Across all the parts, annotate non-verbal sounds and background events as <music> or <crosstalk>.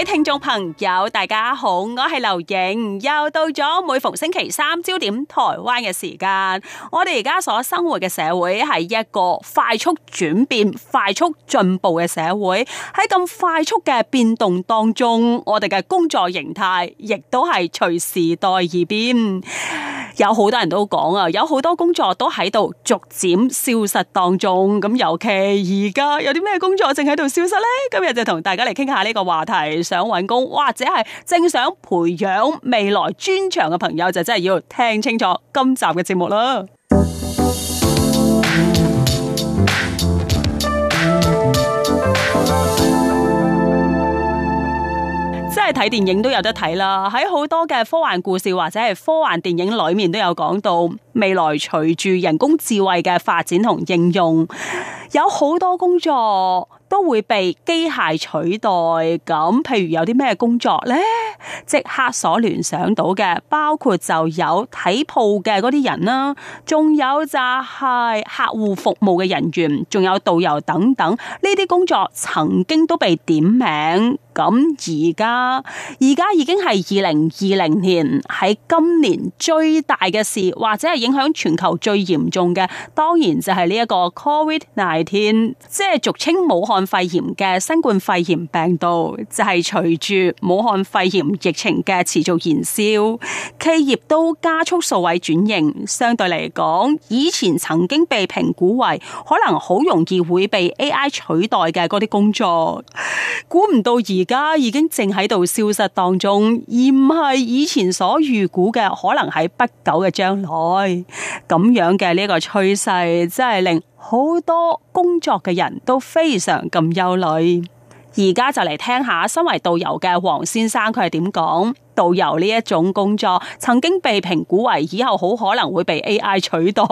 各位聽眾朋友，大家好，我係劉穎，又到咗每逢星期三焦點台灣嘅時間。我哋而家所生活嘅社會係一個快速轉變、快速進步嘅社會。喺咁快速嘅變動當中，我哋嘅工作形態亦都係隨時代而變。有好多人都講啊，有好多工作都喺度逐漸消失當中。咁尤其而家有啲咩工作正喺度消失咧？今日就同大家嚟傾下呢個話題。想揾工或者係正想培養未來專長嘅朋友，就真係要聽清楚今集嘅節目啦。 <music> 真係睇電影都有得睇啦，喺好多嘅科幻故事或者係科幻電影裏面都有講到，未來隨住人工智慧嘅發展同應用，有好多工作。都會被機械取代咁，譬如有啲咩工作咧？即刻所聯想到嘅，包括就有睇鋪嘅嗰啲人啦，仲有就係客戶服務嘅人員，仲有導遊等等呢啲工作，曾經都被點名。咁而家，而家已經係二零二零年，喺今年最大嘅事，或者係影響全球最嚴重嘅，當然就係呢一個 Covid nineteen，即係俗稱武漢。肺炎嘅新冠肺炎病毒，就係隨住武漢肺炎疫情嘅持續燃燒，企業都加速數位轉型。相對嚟講，以前曾經被評估為可能好容易會被 AI 取代嘅嗰啲工作，估唔到而家已經正喺度消失當中，而唔係以前所預估嘅可能喺不久嘅將來咁樣嘅呢個趨勢，真係令。好多工作嘅人都非常咁憂慮，而家就嚟聽下身為導遊嘅黃先生佢係點講？導遊呢一種工作曾經被評估為以後好可能會被 AI 取代，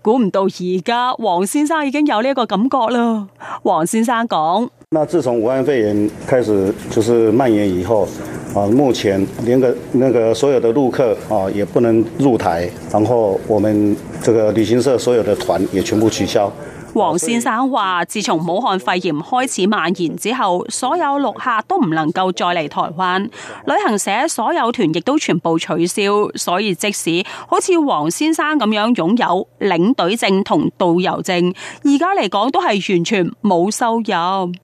估唔到而家黃先生已經有呢一個感覺啦。黃先生講，那自從武漢肺炎開始就是蔓延以後。目前連個那個所有的陸客啊也不能入台，然後我們這個旅行社所有的團也全部取消。黃先生話：自從武漢肺炎開始蔓延之後，所有陸客都唔能夠再嚟台灣，旅行社所有團亦都全部取消。所以即使好似黃先生咁樣擁有領隊證同導遊證，而家嚟講都係完全冇收入。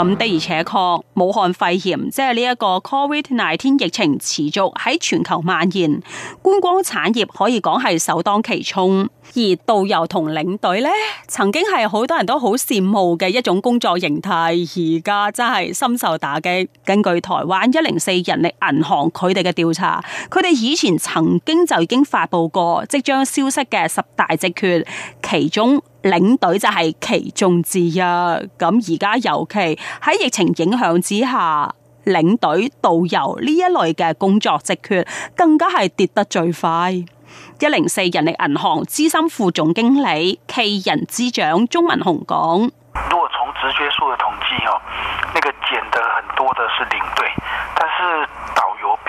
咁的而且確，武漢肺炎即係呢一個 Covid nineteen 疫情持續喺全球蔓延，觀光產業可以講係首當其衝，而導遊同領隊呢，曾經係好多人都好羨慕嘅一種工作形態，而家真係深受打擊。根據台灣一零四人力銀行佢哋嘅調查，佢哋以前曾經就已經發佈過即將消失嘅十大職缺，其中。領隊就係其中之一，咁而家尤其喺疫情影響之下，領隊、導遊呢一類嘅工作職缺，更加係跌得最快。一零四人力銀行資深副總經理、暨人資長鍾文雄講：如果從職缺數嘅統計哦，那個減得很多嘅是領隊，但是。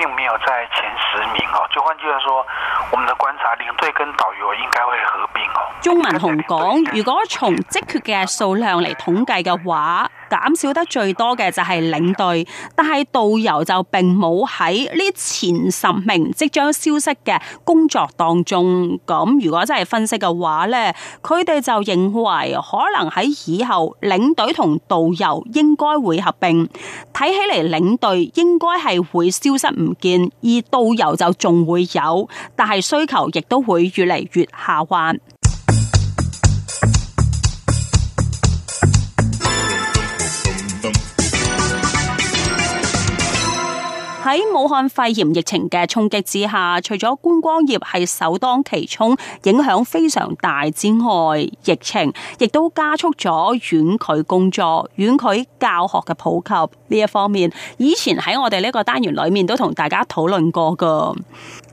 並沒有在前十名哦，就換句話說，我們的觀察領隊跟導遊應該會合併哦。鍾文雄講，如果從職缺嘅數量嚟統計嘅話。減少得最多嘅就係領隊，但係導遊就並冇喺呢前十名即將消失嘅工作當中。咁如果真係分析嘅話呢，佢哋就認為可能喺以後領隊同導遊應該會合並。睇起嚟，領隊應該係會消失唔見，而導遊就仲會有，但係需求亦都會越嚟越下滑。喺武漢肺炎疫情嘅衝擊之下，除咗觀光業係首當其衝，影響非常大之外，疫情亦都加速咗遠距工作、遠距教學嘅普及。呢一方面，以前喺我哋呢個單元裏面都同大家討論過噶。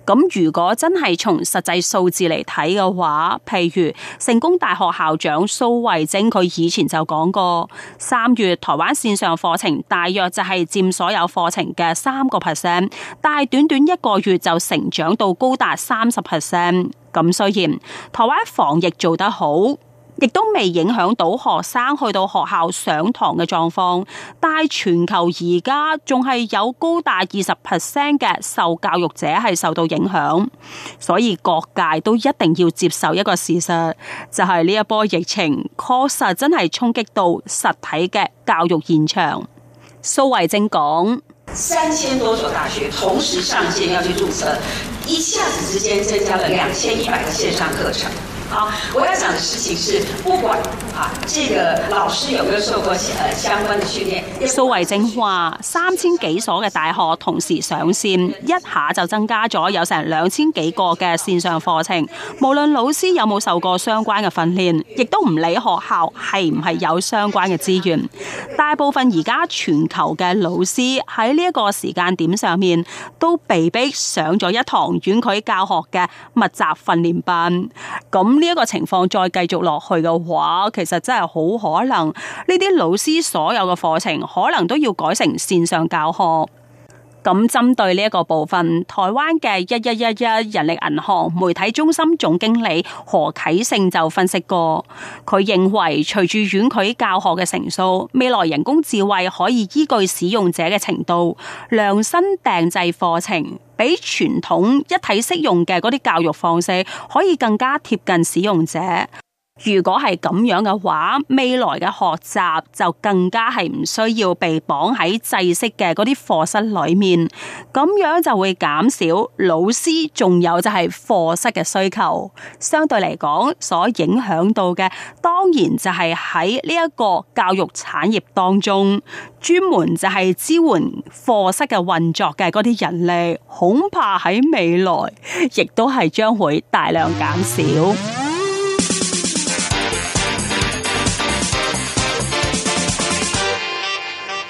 咁如果真係從實際數字嚟睇嘅話，譬如成功大學校長蘇慧貞佢以前就講過，三月台灣線上課程大約就係佔所有課程嘅三個 percent，但係短短一個月就成長到高達三十 percent。咁雖然台灣防疫做得好。亦都未影響到學生去到學校上堂嘅狀況，但係全球而家仲係有高達二十 percent 嘅受教育者係受到影響，所以各界都一定要接受一個事實，就係呢一波疫情確實真係衝擊到實體嘅教育現場。蘇慧貞講：三千多所大學同時上線要去註冊，一下子之間增加了兩千一百個線上課程。好，我要講的事情是，不管啊，這個老師有沒有受過呃相關的。蘇維正話：三千幾所嘅大學同時上線，一下就增加咗有成兩千幾個嘅線上課程。無論老師有冇受過相關嘅訓練，亦都唔理學校係唔係有相關嘅資源。大部分而家全球嘅老師喺呢一個時間點上面，都被逼上咗一堂遠距教學嘅密集訓練班。咁呢一個情況再繼續落去嘅話，其實真係好可能呢啲老師所有嘅課。課程可能都要改成線上教學。咁針對呢一個部分，台灣嘅一一一一人力銀行媒體中心總經理何啟勝就分析過，佢認為隨住遠距教學嘅成數，未來人工智慧可以依據使用者嘅程度，量身訂製課程，比傳統一體適用嘅嗰啲教育方式可以更加貼近使用者。如果係咁樣嘅話，未來嘅學習就更加係唔需要被綁喺制式嘅嗰啲課室裏面，咁樣就會減少老師，仲有就係課室嘅需求。相對嚟講，所影響到嘅當然就係喺呢一個教育產業當中，專門就係支援課室嘅運作嘅嗰啲人力，恐怕喺未來亦都係將會大量減少。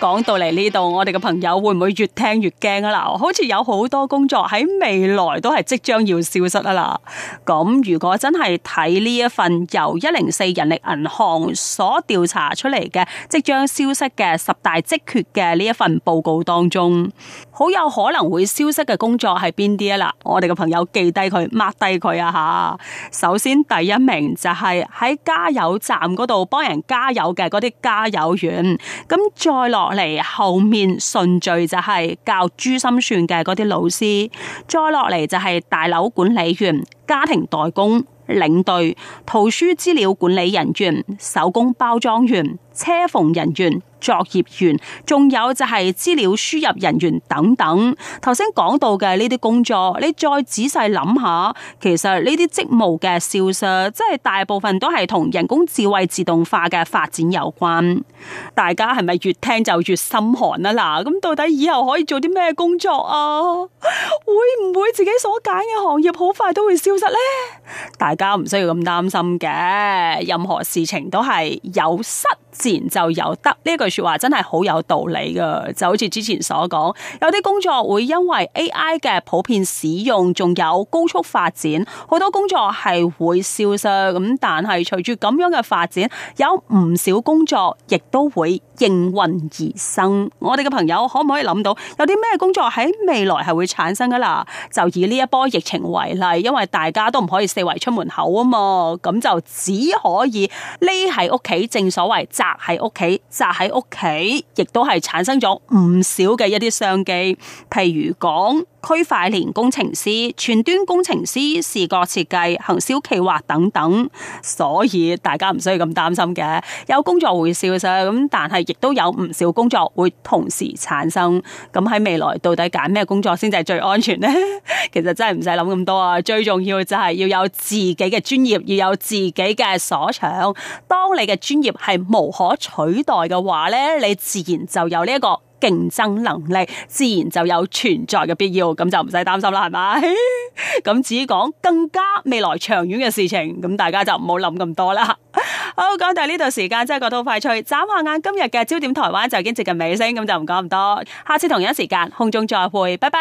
講到嚟呢度，我哋嘅朋友會唔會越聽越驚啊？嗱，好似有好多工作喺未來都係即將要消失啊！嗱，咁如果真係睇呢一份由一零四人力銀行所調查出嚟嘅即將消失嘅十大職缺嘅呢一份報告當中，好有可能會消失嘅工作係邊啲啊？嗱，我哋嘅朋友記低佢，mark 低佢啊！吓，首先第一名就係喺加油站嗰度幫人加油嘅嗰啲加油員，咁再落。落嚟，後面順序就係教珠心算嘅啲老師，再落嚟就係大樓管理員、家庭代工、領隊、圖書資料管理人員、手工包裝員。車縫人員、作業員，仲有就係資料輸入人員等等。頭先講到嘅呢啲工作，你再仔細諗下，其實呢啲職務嘅消失，即係大部分都係同人工智慧自動化嘅發展有關。大家係咪越聽就越心寒啊？嗱，咁到底以後可以做啲咩工作啊？會唔會自己所揀嘅行業好快都會消失呢？大家唔需要咁擔心嘅，任何事情都係有失。就有得呢句說話真係好有道理噶就好似之前所講，有啲工作會因為 AI 嘅普遍使用，仲有高速發展，好多工作係會消失。咁但係隨住咁樣嘅發展，有唔少工作亦都會。應運而生，我哋嘅朋友可唔可以諗到有啲咩工作喺未來係會產生噶啦？就以呢一波疫情為例，因為大家都唔可以四圍出門口啊嘛，咁就只可以匿喺屋企，正所謂宅喺屋企，宅喺屋企，亦都係產生咗唔少嘅一啲商機，譬如講區塊鏈工程師、全端工程師、視覺設計、行銷企劃等等。所以大家唔需要咁擔心嘅，有工作會消失，咁但係。亦都有唔少工作會同時產生，咁喺未來到底揀咩工作先至係最安全呢？其實真係唔使諗咁多啊！最重要就係要有自己嘅專業，要有自己嘅所長。當你嘅專業係無可取代嘅話呢，你自然就有呢一個競爭能力，自然就有存在嘅必要，咁就唔使擔心啦，係咪？咁只講更加未來長遠嘅事情，咁大家就唔好諗咁多啦。好，講到呢度時間真係嗰套快脆，眨下眼今日嘅焦點台灣就已經接近尾聲，咁就唔講咁多。下次同一時間空中再會，拜拜。